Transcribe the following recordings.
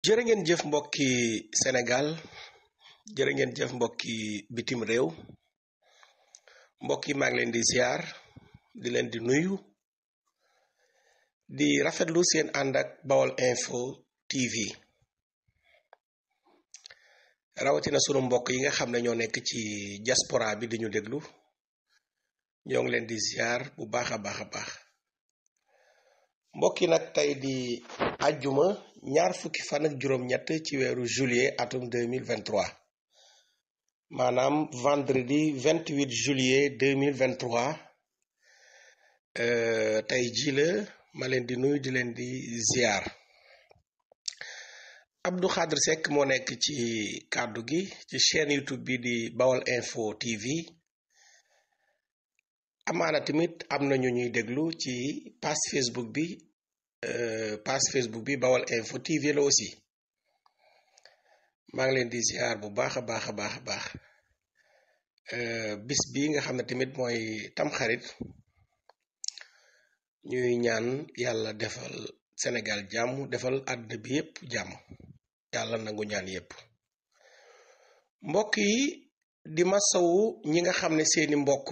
jërë ngeen jëf mbokki Sénégal jërë ngeen jëf mbokki bitim réew mbokk yi maa ngi leen di ziar di leen di nuyu di rafetlu seen ànd ak Bawol Info TV rawatina sunu mbokk yi nga xam ne ñoo nekk ci diaspora bi di ñu déglu ñoo ngi leen di ziar bu baax a baax a baax mbokk yi nag tey di àjjuma ñaar fukki fan ak juróom-ñett ci weeru juillet atum 2023 maanaam vendredi 28 juillet 2023 euh, tey jii ma leen di nuyu di leen di ziar Abdou Khadre Seck moo nekk ci kàddu gi ci chaîne YouTube bi di Bawal Info TV amaana tamit am na ñu ñuy déglu ci page Facebook bi Euh, page Facebook bi Bawal Info TV la aussi maa ngi leen di ziar bu baax a baax a baax a baax euh, bis bi nga xam ne tamit mooy tamxarit ñuy ñaan yàlla defal senegal jàmm defal àddina bi yépp jàmm yàlla nangu ñaan yépp mbokk yi di masawu ñi nga xam ne seeni mbokk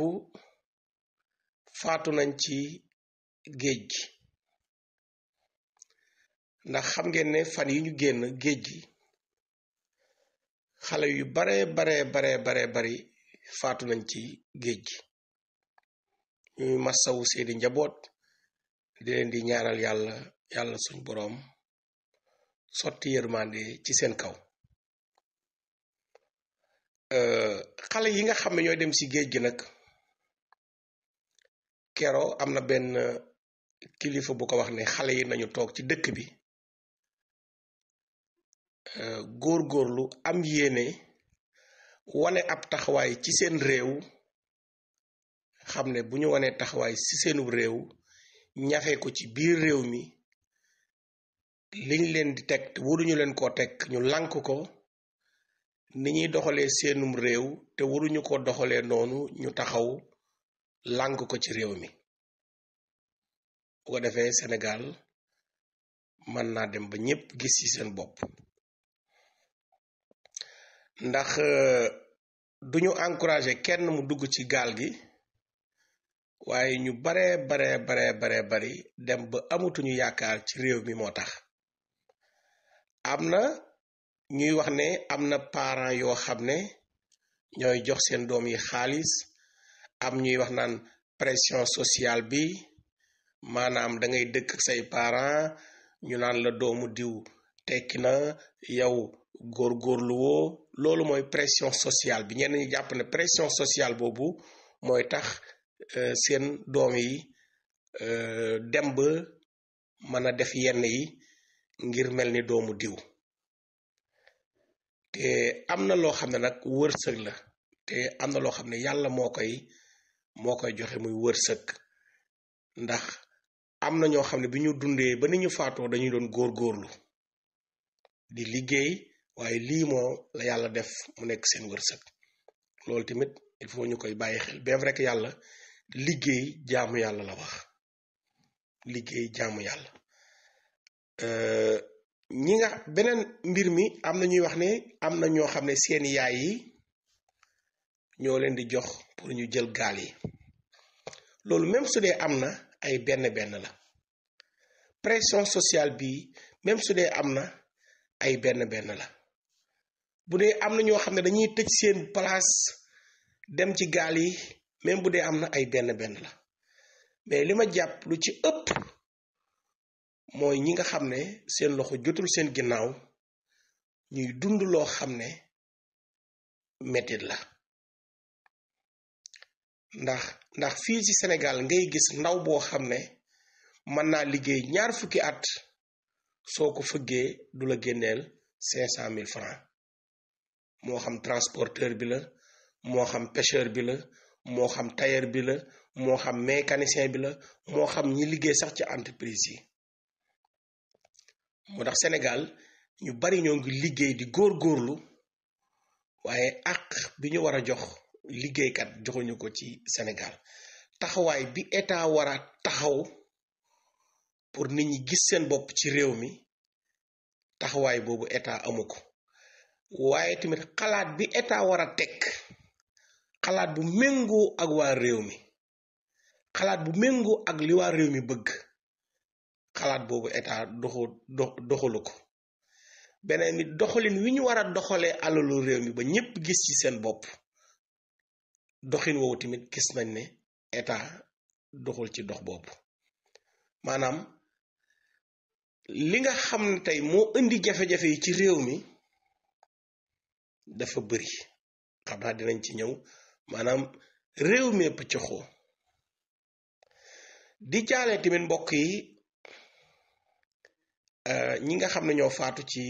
faatu nañ ci géej gi ndax xam ngeen ne fan yi ñu génn géej gi xale yu bare bare bare bari faatu nañ ci géej gi ñuy massawu seeni njaboot di leen di ñaanal yàlla yàlla suñ boroom sotti yërmande ci seen kaw xale yi nga xam ne ñooy dem ci géej gi nag kero am na benn kilifa bu ko wax ne xale yi nañu toog ci dëkk bi góor euh, góorgóorlu am yéene wane ab taxawaay ci seen réew xam ne bu ñu wanee taxawaay ci seenub réew ñafe ko ci biir réew mi liñ leen di teg te waruñu leen koo teg ñu lànk ko ni ñuy doxalee seenum réew te waruñu ko doxalee noonu ñu taxaw lànk ko ci réew mi bu ko defee Sénégal mën naa dem ba ñépp gis ci seen bopp ndax euh, du ñu encouragé kenn mu dugg ci gaal gi waaye ñu bare bare bare bari dem ba amatuñu yaakaar ci réew mi moo tax am na ñuy wax ne am na parents yoo xam ne ñooy jox seen doom yi xaalis am ñuy wax naan pression sociale bi maanaam da ngay dëkk ak say parents ñu naan la doomu diw tekki na yow góor woo loolu mooy pression sociale bi ñenn ñi jàpp ne pression sociale boobu mooy tax euh, seen doom yi euh, dem ba mën a def yenn yi ngir mel ni doomu diw te am na loo xam ne nag wërsëg la te am na loo xam ne yàlla moo koy moo koy joxe muy wërsëg ndax am na ñoo xam ne bi ñu dundee ba ni ñu faatoo dañuy doon góorgóorlu di liggéey waaye lii moo la yàlla def mu nekk seen wërsëg loolu tamit il faut ñu koy bàyyi xel bien vrai yàlla liggéey jaamu yàlla la wax liggéey jaamu yàlla euh, ñi nga beneen mbir mi am na ñuy wax ne am na ñoo xam ne seen yaay yi ñoo leen di jox pour ñu jël gaal yi loolu même su dee am na ay benn benn la pression sociale bi même su dee am na ay benn benn la bu dee am na ñoo xam ne dañuy tëj seen place dem ci gaal yi même bu dee am na ay benn benn la mais li ma jàpp lu ci ëpp mooy ñi nga xam ne seen loxo jotul seen ginnaaw ñuy dund loo xam ne mettit la ndax ndax fii ci senegal ngay gis ndaw boo xam ne mën naa liggéey ñaar fukki at soo ko fëggee du la génneel cinq cent mille francs moo xam transporteur bi la moo xam pêcheur bi la moo xam tailleur bi la moo xam mécanicien bi la moo xam ñi liggéey sax ci entreprise yi moo tax Sénégal ñu bari ñoo ngi liggéey di góor góorlu waaye àq bi ñu war a jox liggéeykat joxuñu ko ci Sénégal taxawaay bi état wara taxaw pour nit ñi gis seen bopp ci réew mi taxawaay boobu état amu ko waaye tamit xalaat bi état war a teg xalaat bu méngoo ak waa réew mi xalaat bu méngoo ak li waa réew mi bëgg xalaat boobu état doxu doxalu ko beneen mi doxalin wi ñu war a doxalee alalu réew mi ba ñépp gis ci seen bopp doxin woowu tamit gis nañ ne état doxul ci dox boobu maanaam li nga xam ne tey moo indi jafe-jafe yi ci réew mi dafa bëri xam naa dinañ ci ñëw maanaam réew mi ëpp ci di jaale tamit mbokk yi euh, ñi nga xam ne ñoo faatu ci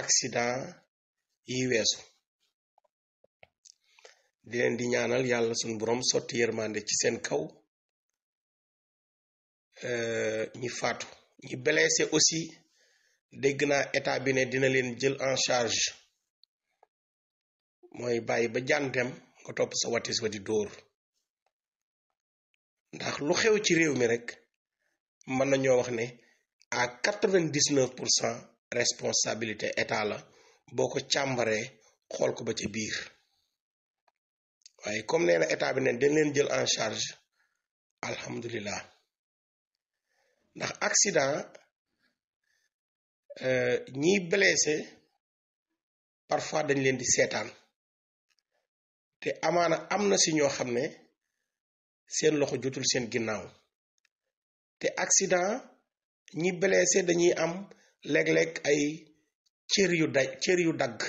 accident yi weesu di leen di ñaanal yàlla suñ borom sotti yërmande ci seen kaw euh, ñi faatu ñi blessé aussi dégg naa état bi ne dina leen jël en charge mooy bàyyi ba jànteem nga topp sa watis wa di dóor ndax lu xew ci réew mi rek mën nañoo wax ne à quatre-vingt-dix-neuf pour responsabilité état la boo ko càmbaree xool ko ba ca biir waaye comme nee na état bi ne dañ leen jël en charge alhamdulilah ndax accident euh, ñiy blessé parfois dañ leen di seetaan te amaana am na si ñoo xam ne seen loxo jotul seen ginnaaw te accident ñi blessé dañuy am léeg-léeg ay cër yu daj cër yu dagg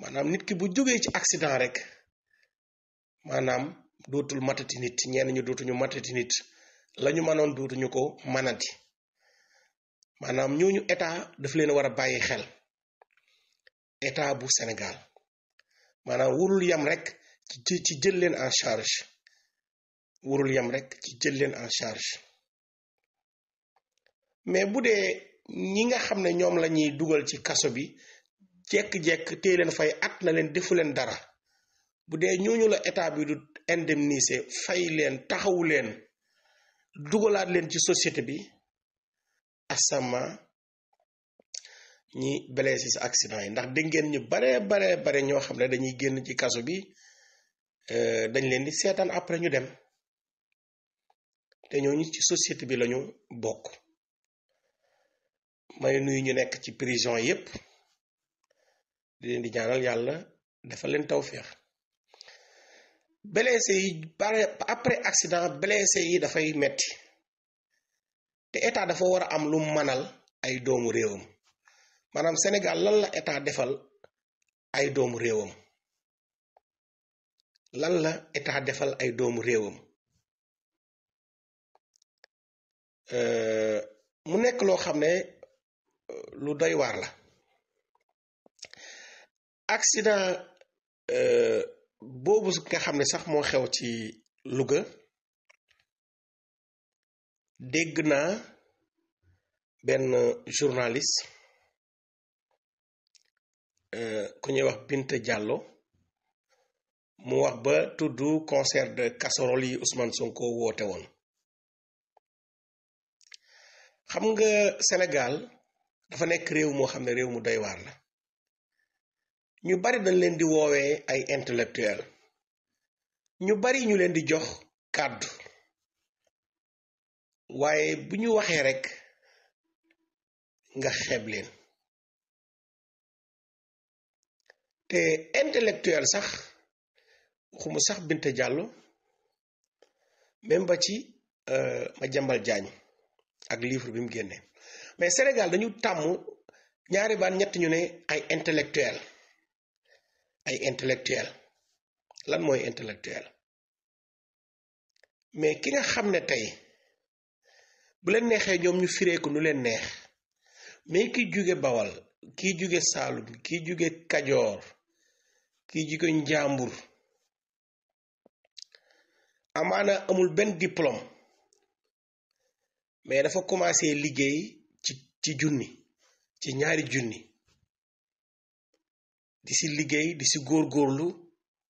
maanaam nit ki bu jógee ci accident rek maanaam dootul matati nit ñenn ñu dootuñu matati nit lañu mënoon dootuñu ko manati maanaam ñooñu état daf leen war a bàyyi xel état bu Sénégal maanaam warul yam rek ci ci jël leen en charge warul yam rek ci jël leen en charge mais bu dee ñi nga xam ne ñoom la ñuy dugal ci kaso bi jekk-jekk tey leen fay at na leen defu leen dara bu dee ñooñu la état bi du indemniser fay leen taxawu leen dugalaat leen ci société bi asama ñi blessé si accident yi ndax dégg ngeen ñu baree baree bare ñoo xam ne dañuy génn ci kaso bi euh, dañ leen di seetaan après ñu dem te ñooñu ci societé bi lañu bokk may nuyu ñu nekk ci prison yépp di leen di ñaanal yàlla dafa leen tawféex blessé yi bare après accident blessé yi dafay metti te état dafa war a am lu manal ay doomu réewam maanaam Sénégal lan la état defal ay doomu réewam lan la état defal ay doomu réewam euh, mu nekk loo xam ne euh, lu doy waar la accident euh, boobu nga xam ne sax moo xew ci Louga dégg naa benn journaliste Euh, ku ñuy wax bint jàlloo mu wax ba tuddu concert de casserole yi Ousmane Sonko woote woon xam nga Sénégal dafa nekk réew moo xam ne réew mu doy waar la ñu bari dañ leen di woowee ay intellectuel ñu bari ñu leen di jox kàddu waaye bu ñu waxee rekk nga xeeb leen te intellectuel sax waxuma sax bint Diallo même ba ci euh, ma jambal jaañ ak livre bi mu génne mais Sénégal dañu tàmm ñaari baat ñetti ñu ne ay intellectuel ay intellectuel lan mooy intellectuel mais ki nga xam ne tey bu leen neexee ñoom ñu firee ko nu leen neex mais ki jóge Bawal kii jóge Saalum kii jóge Kajoor kii jigéen njàmbur amaana amul benn diplôme mais dafa commencé liggéey ci ci junni ci ñaari junni di si liggéey di si góorlu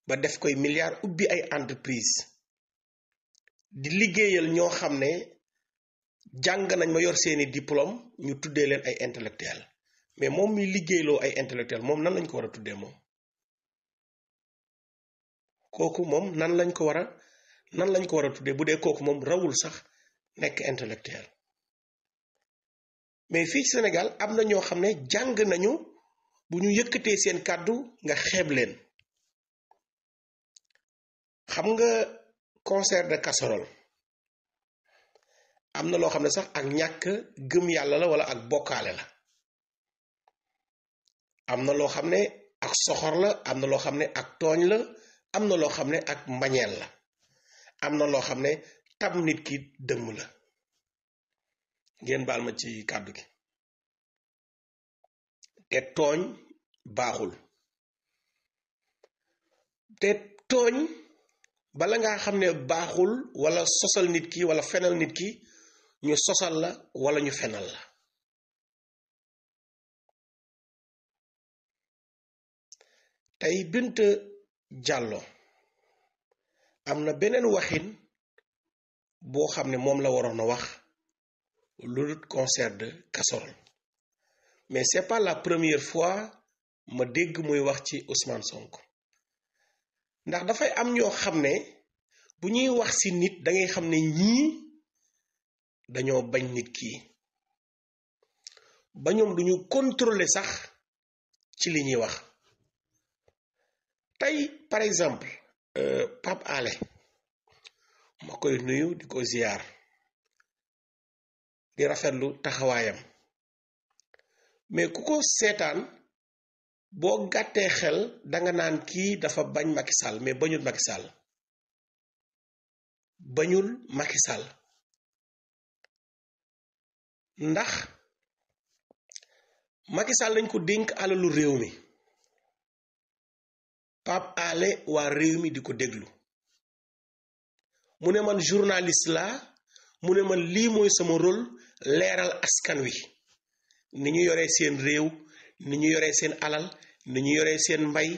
ba def koy milliard ubbi ay entreprise di liggéeyal ñoo xam ne jàng nañ ma yor seeni diplôme ñu tuddee leen ay intellectuel mais moom mi liggéeyloo ay intellectuel moom nan lañ ko war a tuddee moom kooku moom nan lañ ko war a nan lañ ko war a tuddee bu dee kooku moom rawul sax nekk intellectuel mais fii ci Sénégal am na ñoo xam ne jàng nañu bu ñu yëkkatee seen kàddu nga xeeb leen xam nga concert de casserole am na loo xam ne sax ak ñàkk gëm yàlla la wala ak bokkaale la am na loo xam ne ak soxor la am na loo xam ne ak tooñ la am na loo xam ne ak mbañeel la am na loo xam ne tam nit ki dëmm la ngeen baal ma ci kàddu gi te tooñ baaxul te tooñ bala nga xam ne baaxul wala sosal nit ki wala fenal nit ki ñu sosal la walla ñu fenal la tey bint jàlloo am na beneen waxin boo xam ne moom la waroon a wax lu dul concert de casserole mais c'est pas la première fois ma dégg muy wax ci Ousmane sonk ndax dafay am ñoo xam ne bu ñuy wax ci nit dangay xam ne ñii dañoo bañ nit kii bañoom ñoom duñu contrôler sax ci li ñuy wax tey par exemple euh, Pape Alé ma koy nuyu di ko ziyaar di rafetlu taxawaayam mais ku ko seetaan boo gàttee xel danga naan kii dafa bañ Macky Sall mais bañul Macky bañul Macky Sall ndax Macky lañ ko dink alalu réew mi Pape Alé waa réew mi di ko déglu mu ne man journaliste laa mu ne man lii mooy sama rôle leeral askan wi ni ñu yore seen réew ni ñu yore seen alal ni ñu yore seen mbay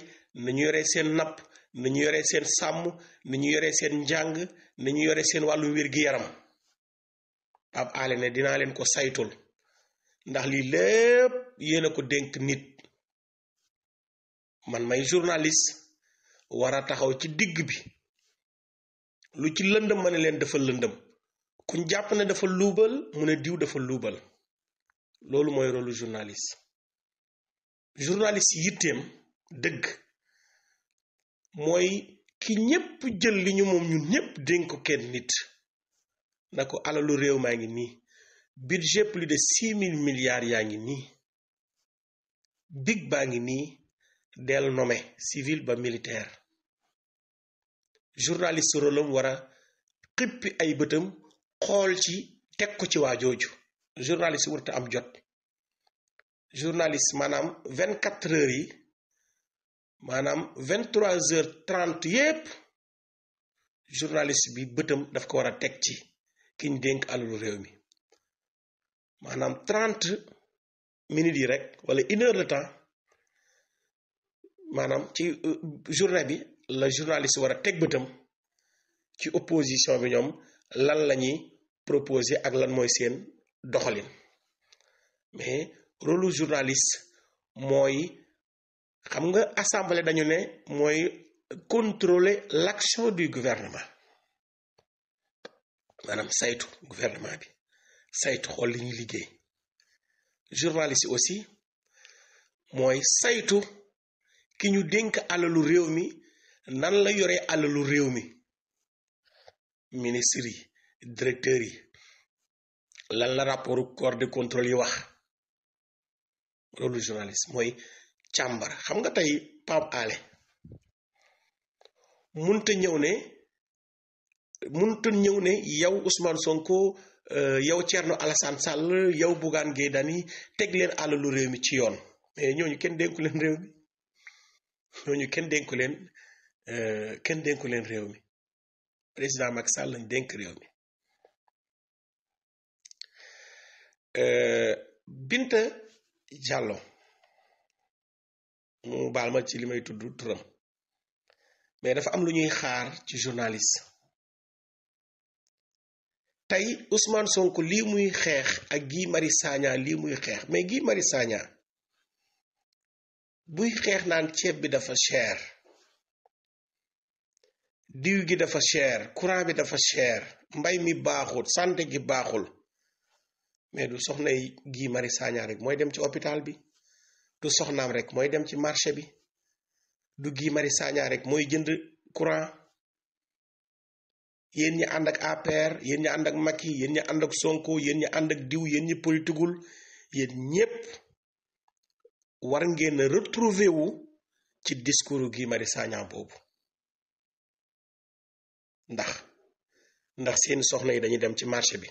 ni ñu yoree seen napp ni ñu yore seen sàmm ni ñu yore seen njàng ni ñu yore seen wàllu wér-gi-yaram Pape Alé ne dinaa leen ko saytul ndax lii lépp yéen ko dénk nit man may journaliste war a taxaw ci digg bi lu ci lëndëm ma ne leen dafa lëndëm kuñ jàpp ne dafa luubal mu ne diw dafa luubal loolu mooy rôlu journaliste journaliste yitteem dëgg mooy ki ñépp jël li ñu moom ñun ñépp dénk ko kenn nit na ko alalu réew maa ngi nii budget plus de six mille milliards yaa ngi nii big baa ngi nii del nommé civil ba militaire journaliste rolam war a xippi ay bëtam xool ci teg ko ci waa jooju journaliste warta am jot journaliste maanaam vingt quatre heures yi maanaam vingt trois heures trente yépp journaliste bi bëtam daf ko war a teg ci ki ñu dénk alalu réew mi maanaam trente minutes yi rek wala une heure de temps maanaam ci euh, journée bi la journaliste war a teg bëtam ci opposition bi ñoom lan la ñuy proposer ak lan mooy seen doxalin mais rôlu journaliste mooy xam nga assemblée dañu ne mooy contrôler l'action du gouvernement maanaam saytu gouvernement bi saytu xool li ñuy liggéey journaliste aussi mooy saytu ki ñu dénk alalu réew mi nan la yore alalu réew mi ministre yi directeur yi lan la rapport corps de contrôle yi wax loolu journaliste mooy càmbar xam nga tey Pape mun munta ñëw ne munta ñëw ne yow Ousmane Sonko euh, yow Thierno Alassane Sall yow Bougane Gueye Dany teg leen alalu réew mi ci yoon mais ñooñu kenn dénku leen réew ñooñu kenn dénku leen euh, kenn dénku leen réew mi président Macky Sall lañ dénk réew mi euh, Binta jàllo mu balma ci li may tudd turam mais dafa am lu ñuy xaar ci journaliste tey Ousmane sonk lii muy xeex ak Guy mari Sagna lii muy xeex mais Guy Marius Sagna buy xeex naan ceeb bi dafa cher diw gi dafa cher courant bi dafa cher mbay mi baaxul santé gi baaxul mais du soxna Guy Marius Sagna rek mooy dem ci hôpital bi du soxnaam rek mooy dem ci marché bi du Guy Marius Sagna rek mooy jënd courant yéen ñi ànd ak APR yéen ñi ànd ak Macky yéen ñi ànd ak Sonko yéen ñi ànd ak diw yéen ñi politikul yéen ñépp war ngeen retrouver wu ci discours gi mari Sagna boobu ndax ndax seen soxna yi dañuy dem ci marché bi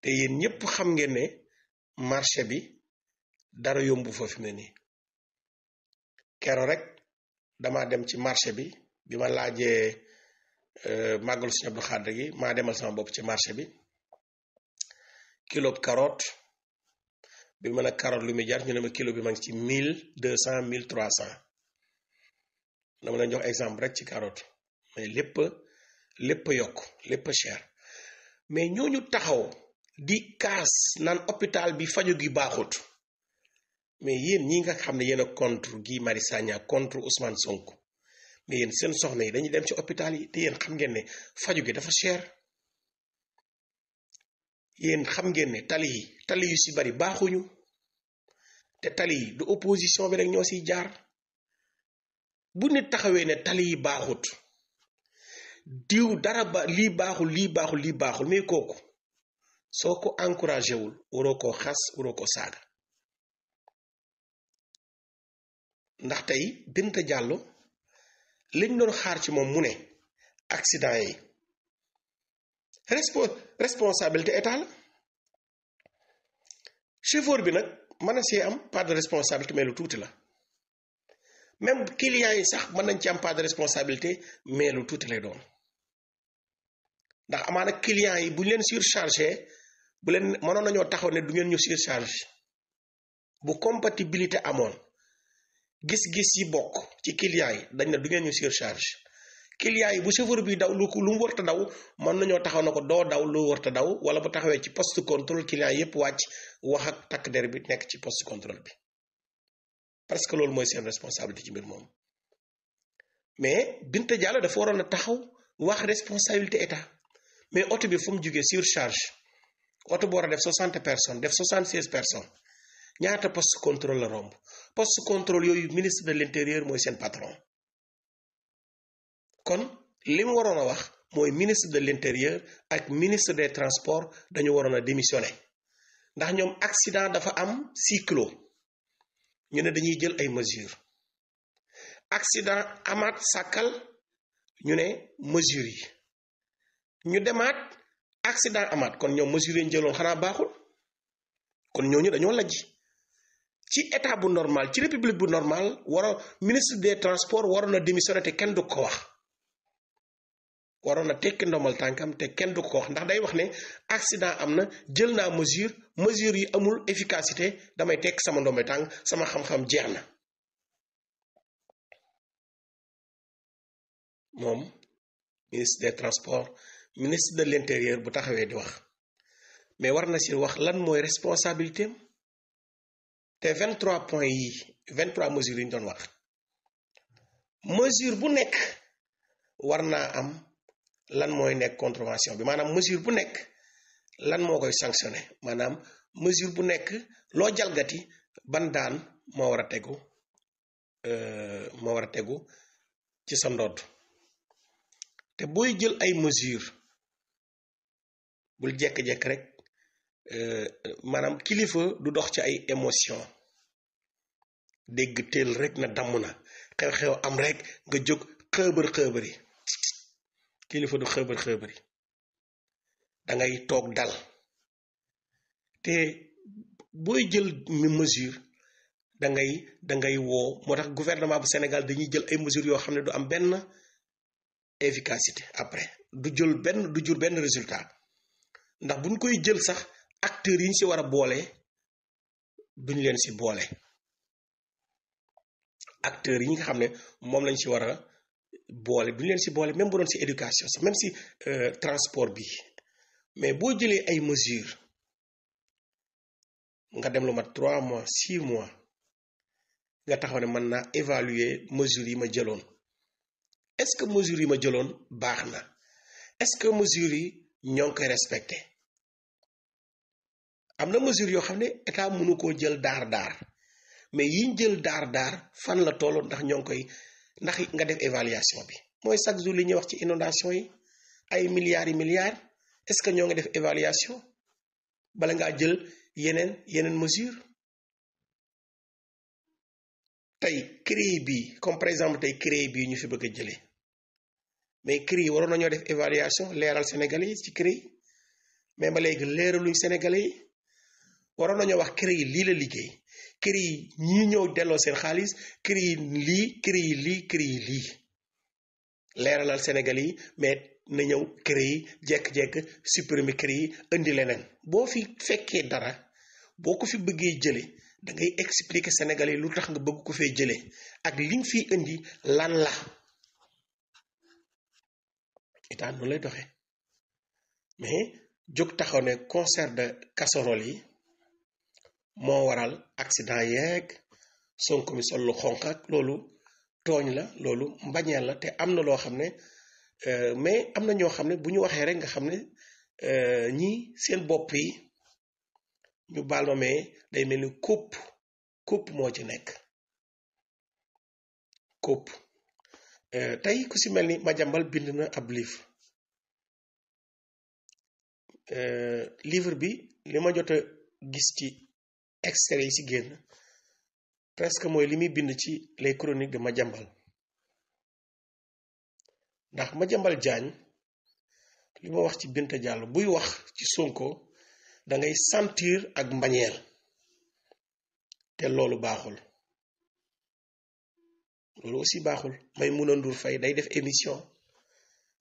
te yéen ñëpp xam ngeen ne marché bi dara yombu fa fi mu ne kero rek damaa dem ci marché bi bi ma laajee euh, màggalu Sëñ Abdou Khadre gi maa demal sama bopp ci marché bi kilo carotte bi mën a carotte lu muy jar ñu ne ma kilo bi ma ci mille deux cent mille trois cent dama leen jox exemple rek ci carotte mais lépp lépp yokk lépp cher mais ñooñu taxaw di kaas naan hôpital bi faju gi baaxut mais yéen ñi nga xam ne yéen a contre Guy Marius Sagna contre Ousmane Sonko mais yéen seen soxna yi dañuy dem ci hôpital yi te yéen xam ngeen ne faju gi dafa cher. yéen xam ngeen ne tali yi tali yu si bari baaxuñu te tali yi du opposition bi rek ñoo siy jaar bu nit taxawee ne tali yi baaxut diw dara ba lii baaxul lii baaxul lii baaxul mais kooku soo ko encouragé wul waroo xas waroo ko saaga ndax tey Binta Diallo liñ doon xaar ci moom mu ne accident yi. respo responsabilité état la chauffeur bi nag mën a see am part de responsabilité mais tuuti la même clients yi sax mën nañ ci am part de responsabilité mais tuuti lay doon ndax amaana clients yi bu ñu leen surchargé bu leen mënoon nañoo taxaw ne du ngeen ñu surcharge bu compatibilité amoon gis-gis yi bokk ci clients yi dañ ne du ngeen ñu surcharge client yi bu chauffeur bi daw lu ko lu mu warta daw mën nañoo taxaw na ko doo daw lu warta daw wala bu taxawee ci poste contrôle client yépp wàcc wax ak takk der bi nekk ci poste contrôle bi parce que loolu mooy seen responsabilité ci mbir moom mais Binta Diallo dafa waroon a taxaw wax responsabilité état mais oto bi fu mu jugee surcharge oto bu war a def soixante personnes def soixante seize personnes ñaata poste contrôle la romb poste contrôle yooyu ministre de l'intérieur mooy seen patron kon li mu waroon a wax mooy ministre de l'intérieur ak ministre des transport dañu waroon a démissionné ndax ñoom accident dafa am cyclo ñu ne dañuy jël ay mesures accident amaat sàkkal ñu ne mesures yi ñu demaat accident amaat kon ñoom mesures yi ñu jëloon xanaa baaxul kon ñooñu dañoo lajj ci état bu normal ci république bu normal waro ministre des transport waroon a démissionné te kenn du ko wax waroon na tekki ndomal tànkam te kenn du ko wax ndax day wax ne accident am na jël naa mesure mesure yi amul efficacité damay tekk sama ndomal tànk sama xam-xam jeex na moom ministre des transports ministre de l'intérieur bu taxawee di wax mais war na si wax lan mooy responsabilité am te 23 points yi 23 mesures yi ñu doon wax mesure bu nekk war naa am lan mooy nekk contravention bi maanaam mesure bu nekk lan moo koy sanctionné maanaam mesure bu nekk loo jalgati ban daan moo war a tegu euh, moo war a tegu ci sa ndodd te booy jël ay mesure bul jekk-jekk rek euh, maanaam kilifa du dox ci ay émotion dégg teel rek na damm na xew-xew am rek nga jóg xëbër xëbër kilifa du xëbër xëbëri dangay toog dal te booy jël mesure dangay dangay woo moo tax gouvernement bu Sénégal dañuy jël ay mesures yoo xam ne du am benn efficacité après du jël benn du jur benn résultat ndax buñ koy jël sax acteurs yi ñu si war a boole duñ leen si boole acteurs yi nga xam ne moom lañ si war a boole du ñu leen si boole même bu doon si éducation sax même si euh, transport bi mais boo jëlee ay mesures nga dem lu mat trois mois six mois nga taxaw ne mën naa évaluer mesures yi ma jëloon est-ce que mesures yi ma jëloon baax na est-ce que mesures yi ñoo ngi koy respecté am na mesures yoo xam ne état mënu koo jël daar daar mais yiñ jël daar daar fan la toll ndax ñoo ngi koy ndax nga def évaluation bi mooy chaque jour li ñuy wax ci inondation yi ay milliards yi milliards est-ce que ñoo ngi def évaluation bala ngaa jël yeneen yeneen mesure tey CREI bii comme par exemple tey CREI bii ñu fi bëgg a jëlee mais CREI waroon nañoo def évaluation leeral Sénégalais yi ci CREI mais ba léegi leeraluñ Sénégalais yi waroon nañoo wax CREI lii la liggéey kër yi ñii ñëw delloo seen xaalis kër yi lii kër yi lii kër yi lii leeralal Sénégal yi mais na ñëw kër yi jekk-jekk supprimer kër yi indi leneen boo fi fekkee dara boo ko fi bëggee jële da ngay expliquer Sénégal yi lu tax nga bëgg ko fee jële ak li fi indi lan la état noonu lay doxe mais jóg taxaw ne concert de casserole yi moo waral accident yeeg sonk mi sol lu xonq loolu tooñ la loolu mbañeel la te am na loo xam ne euh, mais am na ñoo xam ne bu ñu waxee rek nga xam ne euh, ñi seen bopp yi ñu baal ma mais day mel ni kupp kupp moo ci nekk kupp euh, tey ku si mel ni ma jàmbal bind na ab livre livre bi li ma jot a gis ci extraits yi si génn presque mooy li muy bind ci les chroniques ma Madiambal ndax ma jàmbal Diagne li ma wax ci Binta Diallo buy wax ci Sonko da ngay sentir ak mbañeel te loolu baaxul loolu aussi baaxul may mun a ndur fay day def émission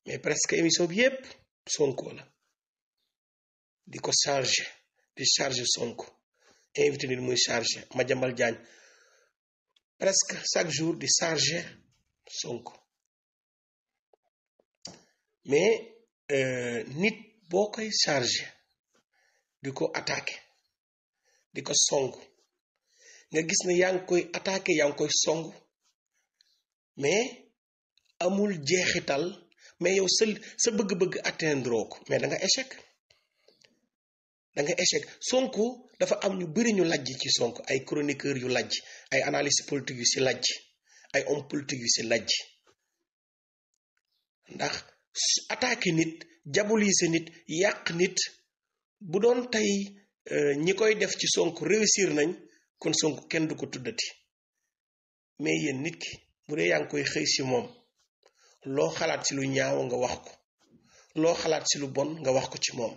mais presque émission bi yépp Sonko la di ko chargé di chargé Sonko te éviter nit muy chargé ma jambal jaañ presque chaque jour di chargé sonk mais euh, nit boo koy chargé di ko attaqué di ko song nga gis ne yaa ngi koy attaqué yaa ngi koy song mais amul jeexital mais yow sa sa bëgg-bëgg atteindre ko mais da nga échec da échec Sonko dafa am ñu bëri ñu lajj ci sonk ay chroniqueur yu lajj ay analyste politique yu si lajj ay homme politique yu si lajj ndax attaqué nit diabolisé nit yàq nit bu doon tey euh, ñi koy def ci sonk réussir nañ kon Sonko kenn du ko tuddati mais yéen nit ki bu dee yaa ngi koy xëy ci moom loo xalaat si lu ñaaw nga wax ko loo xalaat si lu bon nga wax ko ci moom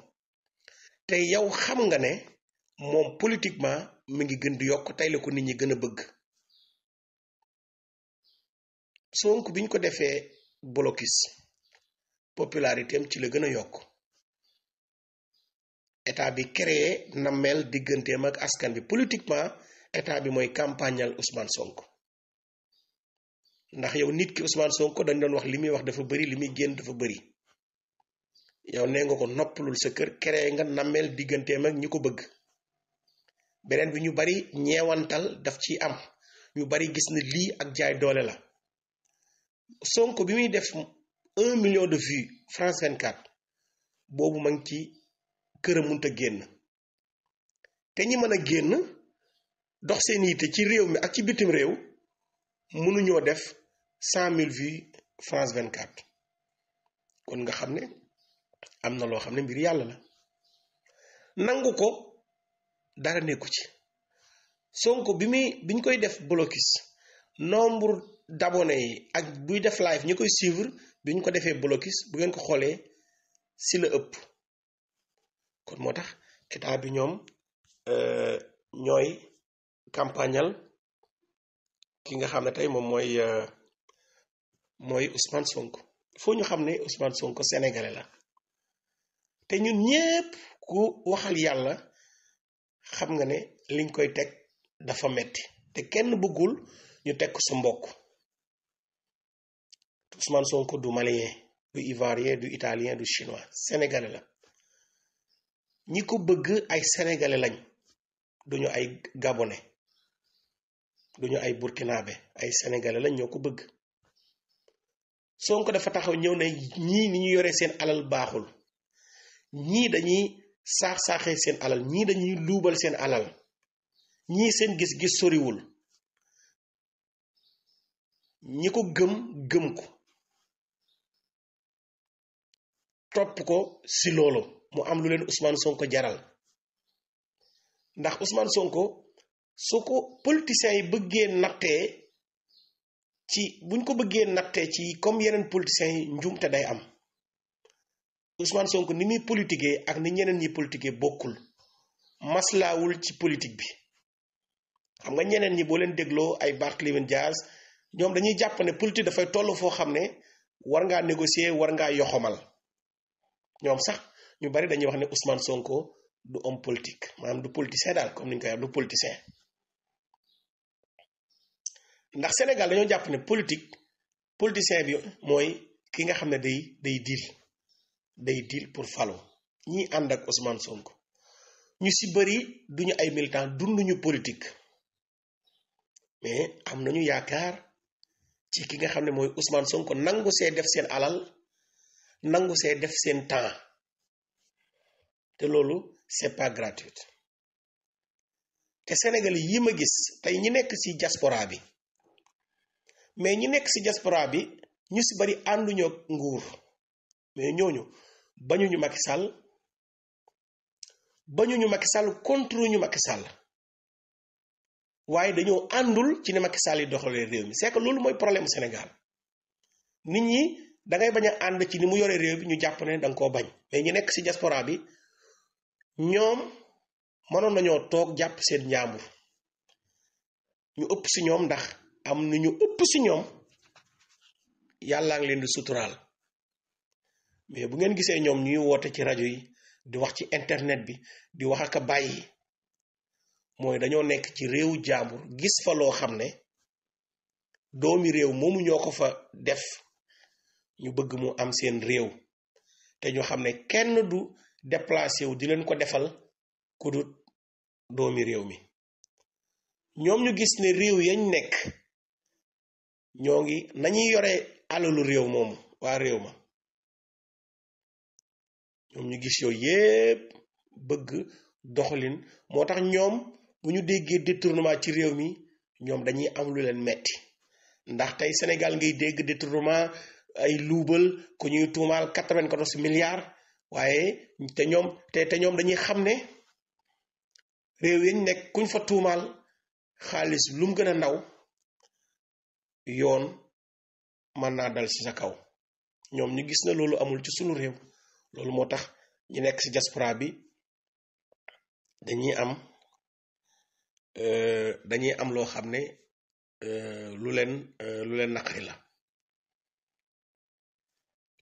te yow xam nga ne moom politiquement mi ngi gën di yokk tey la ko nit ñi gën a bëgg Sonko bi ñu ko defee bolokis popularité ci la gën a yokk état bi créé nammeel digganteem ak askan bi politiquement état bi mooy campagnal Ousmane Sonko ndax yow nit ki Ousmane Sonko dañ doon wax li muy wax dafa bëri li muy génn dafa bëri yow nee nga ko noppalul sa kër créé nga nammeel digganteem ak ñi ko bëgg beneen bi ñu bari ñeewantal daf ci am ñu bari gis na lii ak jaay doole la sonk bi muy def un million de vues France 24 boobu ma ngi ci këram munta génn te ñi mën a génn dox seen yitte ci réew mi ak ci bitim réew mënuñoo def cent mille vues France 24 kon nga xam ne am na loo xam ne mbir yàlla la nangu ko. dara nekku ci Sonko bi muy bi ñu koy def blocus nombre d'abonnés yi ak buy def live ñu koy suivre bi ñu ko defee blocus bu ngeen ko xoolee si la ëpp kon moo tax état bi ñoom euh, ñooy campagnal ki nga xam ne tey moom mooy euh, mooy Ousmane Sonko foo ñu xam ne Ousmane Sonko sénégalais la te ñun ñépp ku waxal yàlla xam nga ne liñ koy teg dafa metti te kenn bëggul ñu teg ko sa mbokk Ousmane Sonko du malien du ivoirien du italien du chinois sénégalais la ñi ko bëgg ay sénégalais lañ duñu ay gabonais duñu ay burkinabé ay sénégalais lañ ñoo ko bëgg Sonko dafa taxaw ñëw na ñii ni ñu yore seen alal baaxul ñii dañuy saax-saaxee seen alal ñii dañuy luubal seen alal ñii seen gis-gis soriwul ñi ko gëm gëm ko topp ko si loolu mu am lu leen usmaan Sonko jaral ndax Ousmane Sonko soo ko politiciens yi bëggee nattee ci buñ ko bëggee nattee ci comme yeneen politiciens yi njuumte day am Ousmane Sonko ni muy politiquer ak ni ñeneen ñi politiquer bokkul maslaawul ci politique bi xam nga ñeneen ñi boo leen dégloo ay Barthélémy Dias ñoom dañuy jàpp ne politique dafay toll foo xam ne war ngaa négocier war ngaa yoxomal ñoom sax ñu bari dañuy wax ne Ousmane Sonko du homme politique maanaam du politicien daal comme ni ñu koy wax du politicien ndax Sénégal dañoo jàpp ne politique politicien bi mooy ki nga xam ne day day diil. day diil pour falo ñii ànd ak Ousmane Sonko ñu si bëri duñu ay militant dunduñu politique mais am nañu yaakaar ci ki nga xam ne mooy Ousmane Sonko nangu see def seen alal nangu see def seen temps te loolu c'est pas gratuit te Sénégal yi ma gis tey ñi nekk ci diaspora bi mais ñi nekk ci diaspora bi ñu si bari ànduñoo nguur. mais ñooñu bañuñu Macky sàll bañuñu Macky Sall contre ñu Macky Sall waaye dañoo àndul ci ni Macky Sall yi doxalee réew mi c'est loolu mooy problème senegal nit ñi da ngay bañ ànd ci ni mu yore réew bi ñu jàpp ne da koo bañ mais ñu nekk ci diaspora bi ñoom mënoon nañoo toog jàpp seen njàmbur ñu ëpp si ñoom ndax am na ñu ëpp ci ñoom yàllaa ngi leen di suturaal. mais bu ngeen gisee ñoom ñuy woote ci rajo yi di wax ci internet bi di wax ak a bàyyi mooy dañoo nekk ci réewu jaambur gis fa loo xam ne doomi réew moomu ñoo ko fa def ñu bëgg mu am seen réew te ñu xam ne kenn du déplacé wu di leen ko defal ku du doomi réew mi ñoom ñu gis ne réew yañ nekk ñoo ngi nañuy yore alalu réew moomu waa réew ma ñoom ñu gis yooyu yépp bëgg doxalin moo tax ñoom bu ñu déggee détournement ci réew mi ñoom dañuy am lu leen metti ndax tey Sénégal ngay dégg détournement ay luubal ku ñuy tuumaal quatre-vingt-quatorze milliards waaye te ñoom te te ñoom dañuy xam ne réew yi nekk kuñ fa tuumaal xaalis lu mu gën a ndaw yoon mën naa dal ci sa kaw ñoom ñu gis na loolu amul ci sunu réew loolu moo tax ñu nekk ci diaspora bi dañuy am euh, dañuy am loo xam ne euh, lu leen euh, lu leen naqari la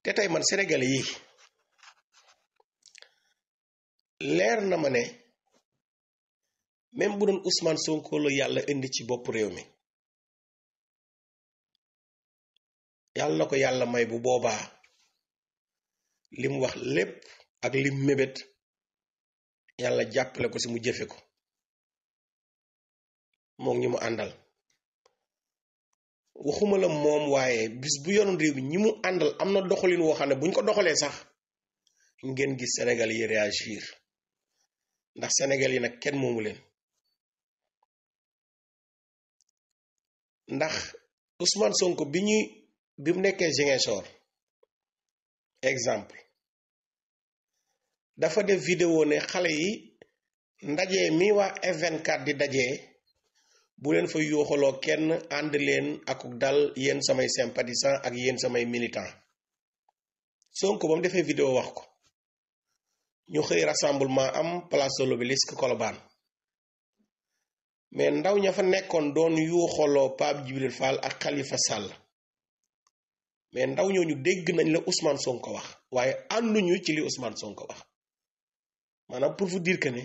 te tey man senegal yi leer na ma ne même bu doon Ousmane Sonko yàlla indi ci bopp réew mi yàlla na ko yàlla may bu boobaa. li mu wax lépp ak lim mébét yàlla jàppale ko si mu jëfe ko moom ñi mu àndal waxuma la moom waaye bis bu yoon réew ñi mu àndal am na doxalin woo xam ne buñ ko doxalee sax ngeen gis Sénégal yi réagir ndax Sénégal yi nag kenn moomu leen ndax Ousmane Sonko bi ñuy bi mu nekkee Ziguinchor exemple dafa def vidéo ne xale yi ndaje mi waa F24 di daje bu leen fa yooxaloo kenn ànd leen ak dal yéen samay sympathisant ak yéen samay militant Sonko ba mu defee vidéo wax ko ñu xëy rassemblement am place de l'Obélisque Colobane mais ndaw ña fa nekkoon doon yuuxaloo Pape Djibril Fall ak Khalifa Sall mais ndaw ñooñu dégg nañ la Ousmane Sonko wax waaye ànduñu ci li Ousmane Sonko wax maanaam pour vous diir que ne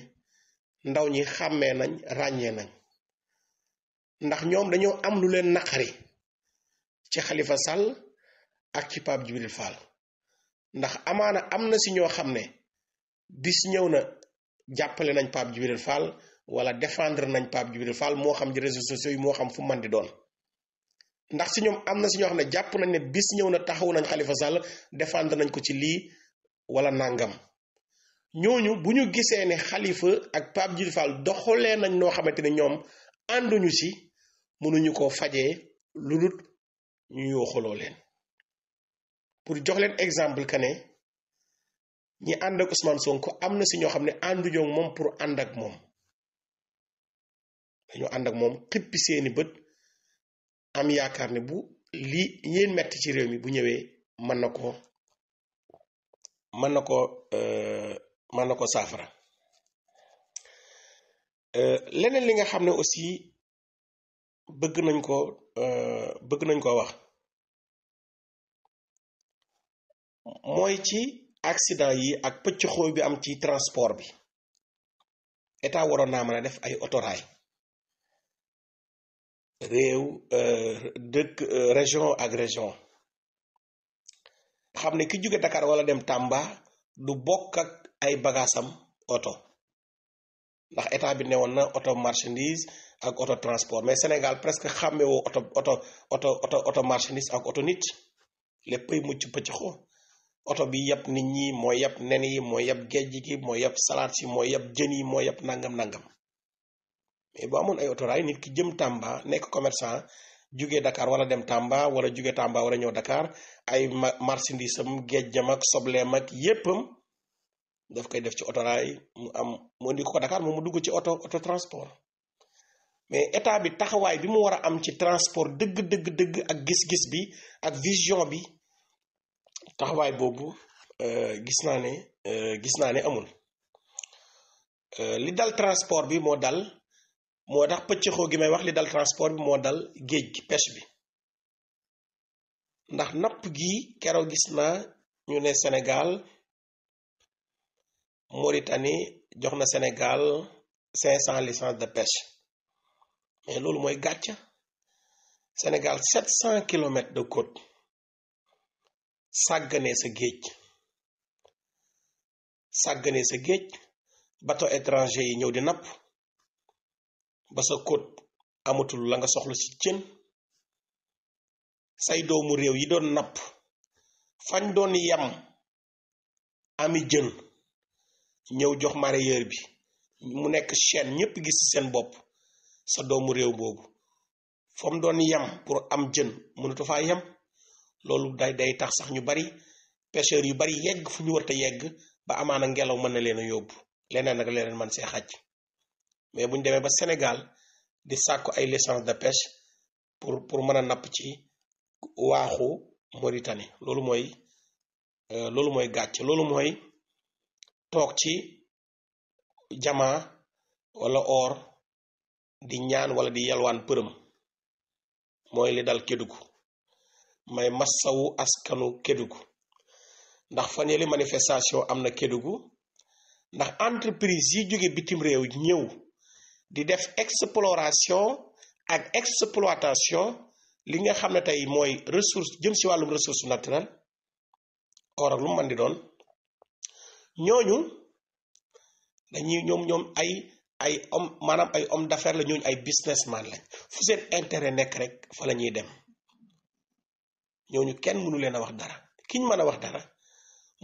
ndaw ñi xàmmee nañ ràññee nañ ndax ñoom dañoo am lu leen naqari ci xalifa Sall ak ci Pape Djibril Fall ndax amaana am na si ñoo xam ne bis ñëw na jàppale nañ Pape Djibril Fall wala défendre nañ Pape Djibril Fall moo xam ci réseaux sociaux yi moo xam fu man di doon ndax si ñoom am na si ñoo xam ne jàpp nañ ne bis ñëw na taxaw nañ Khalifa Sall defendre nañ ko ci lii wala nangam ñooñu bu ñu gisee ne xalifa ak Pape Djibril Fall doxalee nañ noo xamante ne ñoom ànduñu si mënuñu ko fajee lu dul ñu yoo xoloo leen pour jox leen exemple que ne ñi ànd ak Ousmane Sonko am na si ñoo xam ne ànduñoo moom pour ànd ak moom dañoo ànd ak moom xippi seeni bët am yaakaar ne bu lii yéen metti ci réew mi bu ñëwee mën na ko mën na ko euh, mën na ko saafara euh, leneen li nga xam ne aussi bëgg nañ ko euh, bëgg nañ ko wax mooy ci accident yi ak pëcc xoo bi am ci transport bi état waroon naa mën a def ay autorail réew euh, dëkk région ak région xam ne ki jóge Dakar wala dem tàmba du bokk ay bagaasam oto ndax état bi newoon na oto marchandise ak oto transport mais Sénégal presque xàmmewoo oto oto oto oto oto marchandise ak oto nit léppay mucc pëcc oto bi yab nit ñi moo yab nen yi mooy yab géej gi moo yab salaat si mooy yab jën yi moo yab nangam nangam mais bu amoon ay oto autorail nit ki jëm Tamba nekk commerçant juge Dakar wala dem Tamba wala juge Tamba wala ñëw dakaar ay marchandise am géej jam ak sobleem ak yéppam daf koy def ci otoraay mu am mu indi ko Dakar moom mu dugg ci oto oto transport mais état bi taxawaay bi mu war a am ci transport dëgg dëgg dëgg ak gis-gis bi ak vision bi taxawaay boobu euh, gis naa ne euh, gis naa ne amul euh, li dal transport bi moo dal moo tax pëccëxoo gi may wax li dal transport bi moo dal géej gi pêche bi ndax napp gi keroog gis naa ñu ne Sénégal Mauritanie jox na Sénégal cinq cent licences de pêche mais loolu mooy gàcc Sénégal sept cent kilomètres de côte sàggane sa géej sàggane sa géej bateau étranger yi ñëw di napp ba sa côte amatul la nga soxla ci cën say doomu réew yi doon napp fañ doon yam ami jën ñëw jox mareyeur bi mu nekk chaîne ñëpp gis seen bopp sa doomu réew boobu fa doon yem pour am jën mënatu faa yem loolu day day tax sax ñu bari pêcheurs yu bari yegg fu ñu warta yegg ba amaana ngelaw mën na leen a yóbbu leneen ak leneen man see xaj mais bu ñu demee ba Sénégal di sàkku ay licence de pêche pour pour mën a napp ci waaxu Mauritanie loolu mooy euh, loolu mooy gàcc loolu mooy. toog ci jama wala or di ñaan wala di yalwaan përëm mooy li dal Kédougou may massawu askanu Kédougou ndax faneeli manifestation am na Kédougou ndax entreprise yi jóge bitim réew ñëw di def exploration ak exploitation li nga xam ne tey mooy ressource jëm si wàllum ressource naturelle or ak lu mu mën di doon ñooñu dañuy ñoom ñoom ay ay homme maanaam ay homme d'affaires la ñooñu ay businessman lañ fu seen intérêt nekk rek fa la ñuy dem ñooñu kenn mënu leen a wax dara ki ñu mën a wax dara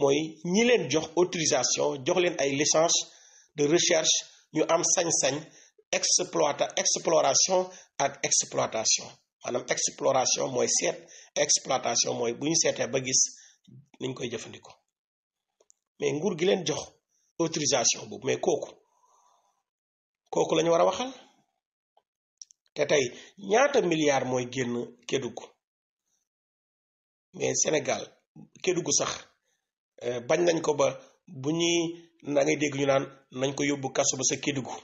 mooy ñi leen jox autorisation jox leen ay licence de recherche ñu am sañ-sañ exploita exploration ak exploitation maanaam exploration mooy seet exploitation mooy bu ñu seetee ba gis niñ koy jëfandikoo. mais nguur gi leen jox autorisation boobu mais kooku kooku lañu war a waxal te tey ñaata milliards mooy génn Kédougou mais Sénégal Kédougou sax euh, bañ nañ ko ba bu ñuy na ngay dégg ñu naan nañ ko yóbbu kaso ba sa Kédougou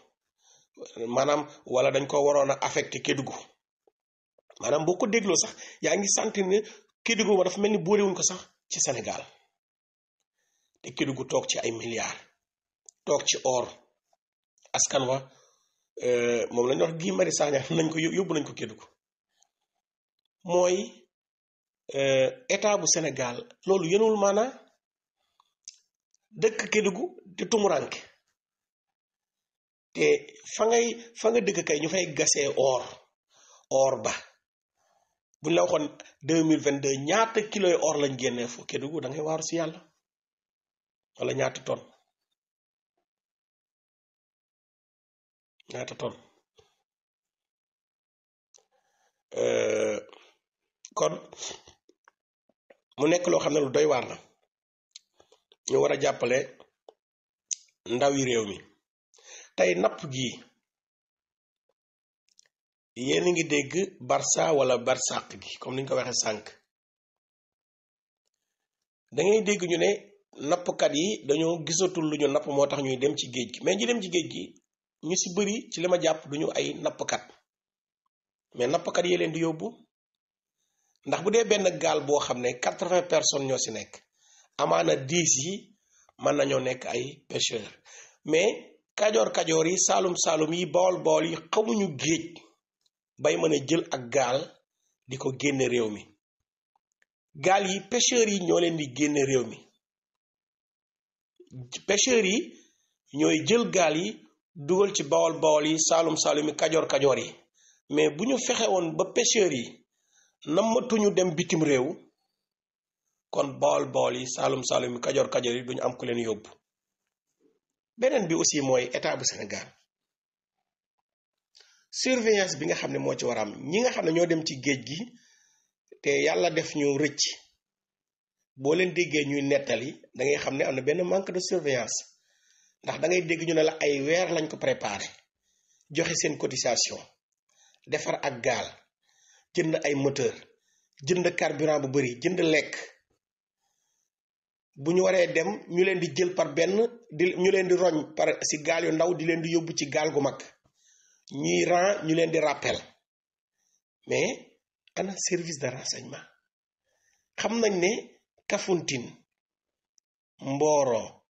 maanaam wala dañ ko waroon a affecté Kédougou maanaam boo ko dégloo sax yaa ngi sentir ne Kédougou ma dafa mel ni boolewuñ ko sax ci Sénégal te Kédougou toog ci ay milliards toog ci or askan wa euh, moom la ñuy wax Guy Marius Sagna nañ ko yóbbu nañ ko Kédougou mooy euh, état bu Sénégal loolu yenul maanaa dëkk Kédougou te tumuranke te fa ngay fa nga dëkk kay ñu fay gase or or ba bu ñu la waxoon deux mille vingt deux ñaata kiloy or lañ génnee fu Kédougou da ngay waaru si yàlla wala ñaata ton ñaata ton euh, kon mu nekk loo xam ne lu doy waar la ñu war a jàppale ndawi réew mi tey napp gi yéen a ngi dégg barça wala barsàq gi comme ni ñu ko waxee sànq da ngay ne nappkat yi dañoo gisatul luñu napp moo tax ñuy dem ci géej gi mais ñi dem ci géej gi ñu si bëri ci lima jàpp duñu ay nappkat mais nappkat yee leen di yóbbu ndax bu dee benn gaal boo xam ne quatre-vingts personnes ñoo ci nekk amaana dix yi mën nañoo nekk ay pêcheurs mais kajoor kajoor yi saalum saalum yi bawol bawol yi xamuñu géej bay mën a jël ak gaal di ko génne réew mi gaal yi pêcheurs yi ñoo leen di génne réew mi pêcheurs yi ñooy jël gaal yi dugal ci bawol bawol yi saalum saalum yi kajoor kajoor yi mais bu ñu fexewoon ba pêcheurs yi nammatuñu dem bitim réew kon bawol bawol yi saalum saalum yi kajoor kajoor yi duñu am ku leen yóbbu beneen bi aussi mooy état bu Sénégal surveillance bi nga xam ne moo ci war am ñi nga xam ne ñoo dem ci géej gi te yàlla def ñu rëcc boo leen déggee ñuy nettali dangay xam ne am na benn manque de surveillance ndax dangay dégg ñu ne la ay weer lañ ko préparé joxe seen cotisation defar ak gaal jënd ay moteur jënd carburant bu bari jënd lekk bu ñu waree dem ñu leen di jël par benn di ñu leen di roñ par si gaal yu ndaw di leen di yóbbu ci gaal gu mag ñuy ran ñu leen di rappel mais ana service de renseignement xam nañ ne Kafountine Mboro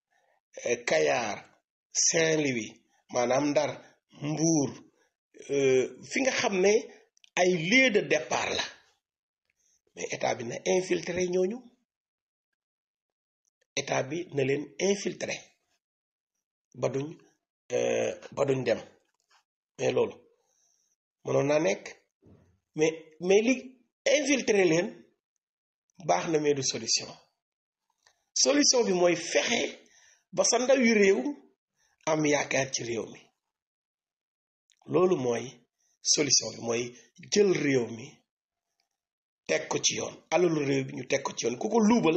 eh, Kayar Saint-Louis maanaam Ndar Mbuur eh, fi nga xam ne ay lieu de départ la mais état bi na infiltré ñooñu état bi na leen infiltré ba duñ eh, ba dem mais loolu mënoon naa nekk mais mais li infiltré leen baax na mais du solution solution bi mooy fexe ba sa ndaw yu réew am yaakaar ci réew mi loolu mooy solution bi mooy jël réew mi teg ko ci yoon alalu réew bi ñu teg ko ci yoon ku ko luubal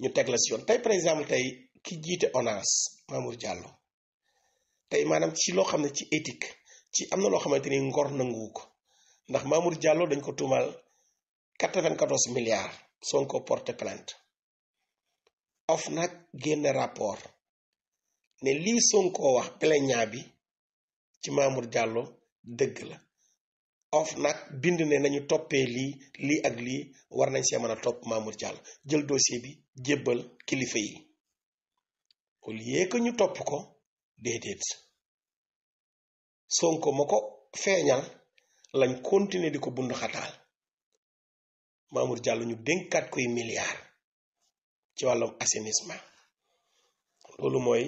ñu teg la si yoon tey par exemple tey ki jiite ONAS Mamour jàlloo tey maanaam ci loo xam ne ci éthique ci am na loo xamante ni ngor nanguwu ko ndax Mamour jàlloo dañ ko tuumaal quatre vingt Sonko porté plainte OFNAC génn rapport ne lii Sonko wax plaignant bi ci Mamour Diallo dëgg la OFNAC bind ne nañu toppee lii lii ak lii war nañ see mën a topp Mamour Diallo jël dossier bi jébbal kilifa yi au lieu que ñu topp ko déedéet Sonko ma ko feeñal lañ continuer di ko bundu Mamour Diallo ñu dénkaat koy milliard ci wàllum assainissement loolu mooy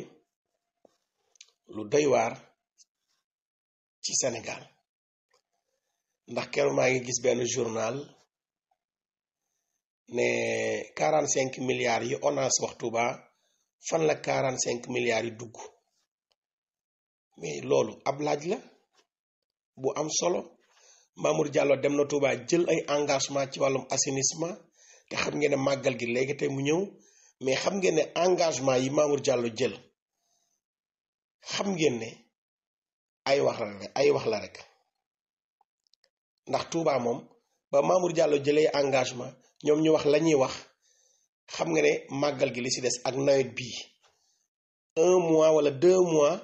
lu doy ci Sénégal ndax keroog maa ngi gis benn journal ne quarante cinq milliards yi ONAS wax fan la quarante cinq milliards yi dugg mais loolu ab laaj la bu am solo. Mamour Diallo dem na Touba jël ay engagement ci wàllum assainissement te xam ngeen ne màggal gi léegi tey mu ñëw mais xam ngeen ne engagement yi Mamour Diallo jël xam ngeen ne ay wax la rek ay wax la rek ndax Touba moom ba Mamour Diallo jëlee engagement ñoom ñu wax la ñuy wax xam nga ne màggal gi li si des ak nawet bii un mois wala deux mois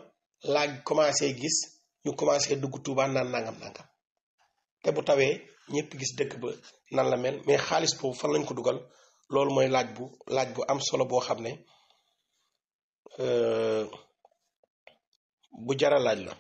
laa commencé gis ñu commencé dugg Touba naan nangam nangam. te bu tawee ñëpp gis dëkk ba nan la mel mais xaalis boobu fan lañ ko dugal loolu mooy laaj bu laaj bu am solo boo xam ne euh, bu jara laaj la